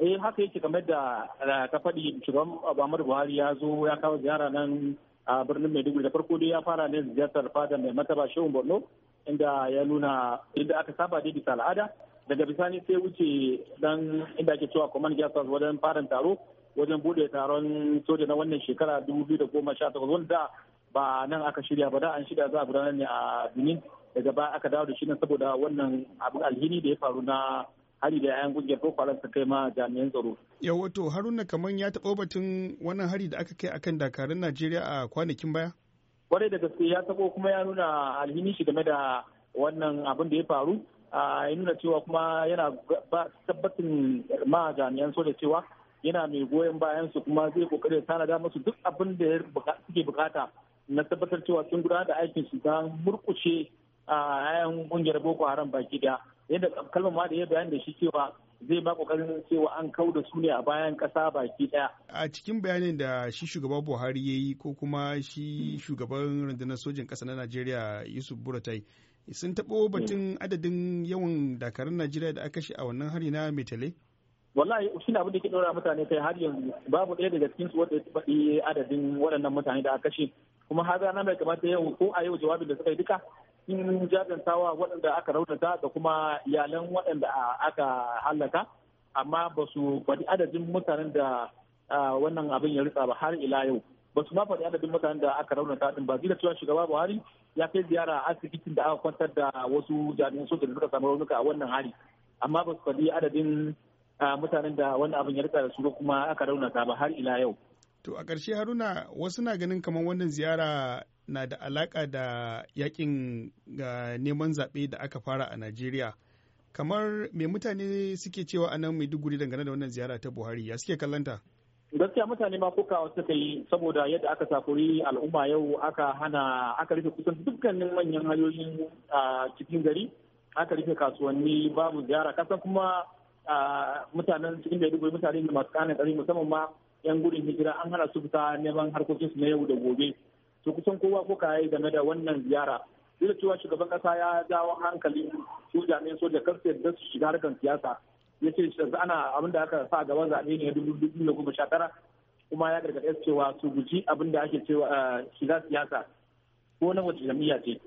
eh haka yake kamar da eh, ka faɗi shugaban Muhammadu Buhari ya zo ya kawo ziyara nan a birnin Maiduguri da farko dai ya fara ne ziyartar fada mai mataba Shehu Borno inda ya nuna inda aka saba dai bisa al'ada daga bisani sai wuce dan inda ake cewa command Gas house wajen fara taro wajen bude taron soja na wannan shekara 2018 wanda ba nan aka shirya ba da an shirya za a gudanar ne a Benin daga baya aka dawo da shi nan saboda wannan abin alhini da ya faru na hari da 'ya'yan kungiyar boko haram kai ma jami'an tsaro. yau wato haruna kaman ya taɓa batun wannan hari da aka kai akan dakarun najeriya a kwanakin baya. kwarai da gaske ya taɓo kuma ya nuna alhini shi game da wannan abin da ya faru ya nuna cewa kuma yana tabbatin ma jami'an soja cewa yana mai goyon bayan su kuma zai kokari tanada musu duk abin da suke bukata na tabbatar cewa sun gudanar da aikin su don murkushe a kungiyar boko haram baki da yadda kalmar ma da ya bayani da shi cewa zai ba kokarin cewa an kau da su ne a bayan kasa baki daya a cikin bayanin da shi shugaba buhari ya yi ko kuma shi shugaban rundunar sojin ƙasa na najeriya yusuf buratai sun taɓo hmm. batun adadin yawan dakarun najeriya da aka shi a wannan hari na metale wallahi shi abin da ke ɗora mutane kai har yanzu babu ɗaya daga cikin su wanda ya faɗi adadin waɗannan mutane da aka shi kuma har ranar mai kamata yau ko a yau jawabin da suka yi duka cikin jajantawa waɗanda aka raunata da kuma iyalan waɗanda aka hallaka amma ba su faɗi adadin mutanen da wannan abin ya ritsa ba har ila yau ba su ma faɗi adadin mutanen da aka raunata din ba zira cewa shugaba buhari ya kai ziyara asibitin da aka kwantar da wasu jami'an soja da suka samu raunuka a wannan hari amma ba su faɗi adadin mutanen da wannan abin ya ritsa da su kuma aka raunata ba har ila yau To a ƙarshe Haruna wasu na ganin kamar wannan ziyara na da alaƙa da yakin ga neman zaɓe da aka fara a Najeriya. Kamar me mutane suke cewa a nan Maiduguri dangane da wannan ziyara ta Buhari ya suke kallanta? Gaskiya mutane ma wasu suka yi saboda yadda aka takuri al'umma yau aka hana aka rufe kusan dukkanin manyan hanyoyin a cikin gari aka rufe kasuwanni babu ziyara kasan kuma mutanen cikin Maiduguri mutane da masu kanin tsari musamman ma yan gudun hijira an hana su fita neman harkokinsu na yau da gobe to kusan kowa ko kayi game da wannan ziyara duk da cewa shugaban kasa ya jawo hankali su jami'an soja kar su yarda su shiga harkar siyasa ya ce ana abin da aka sa gaban zaɓe ne dubu dubu da goma sha tara kuma ya gargaɗe cewa su guji abin da ake cewa eh, shiga siyasa ko na wace jam'iyya ce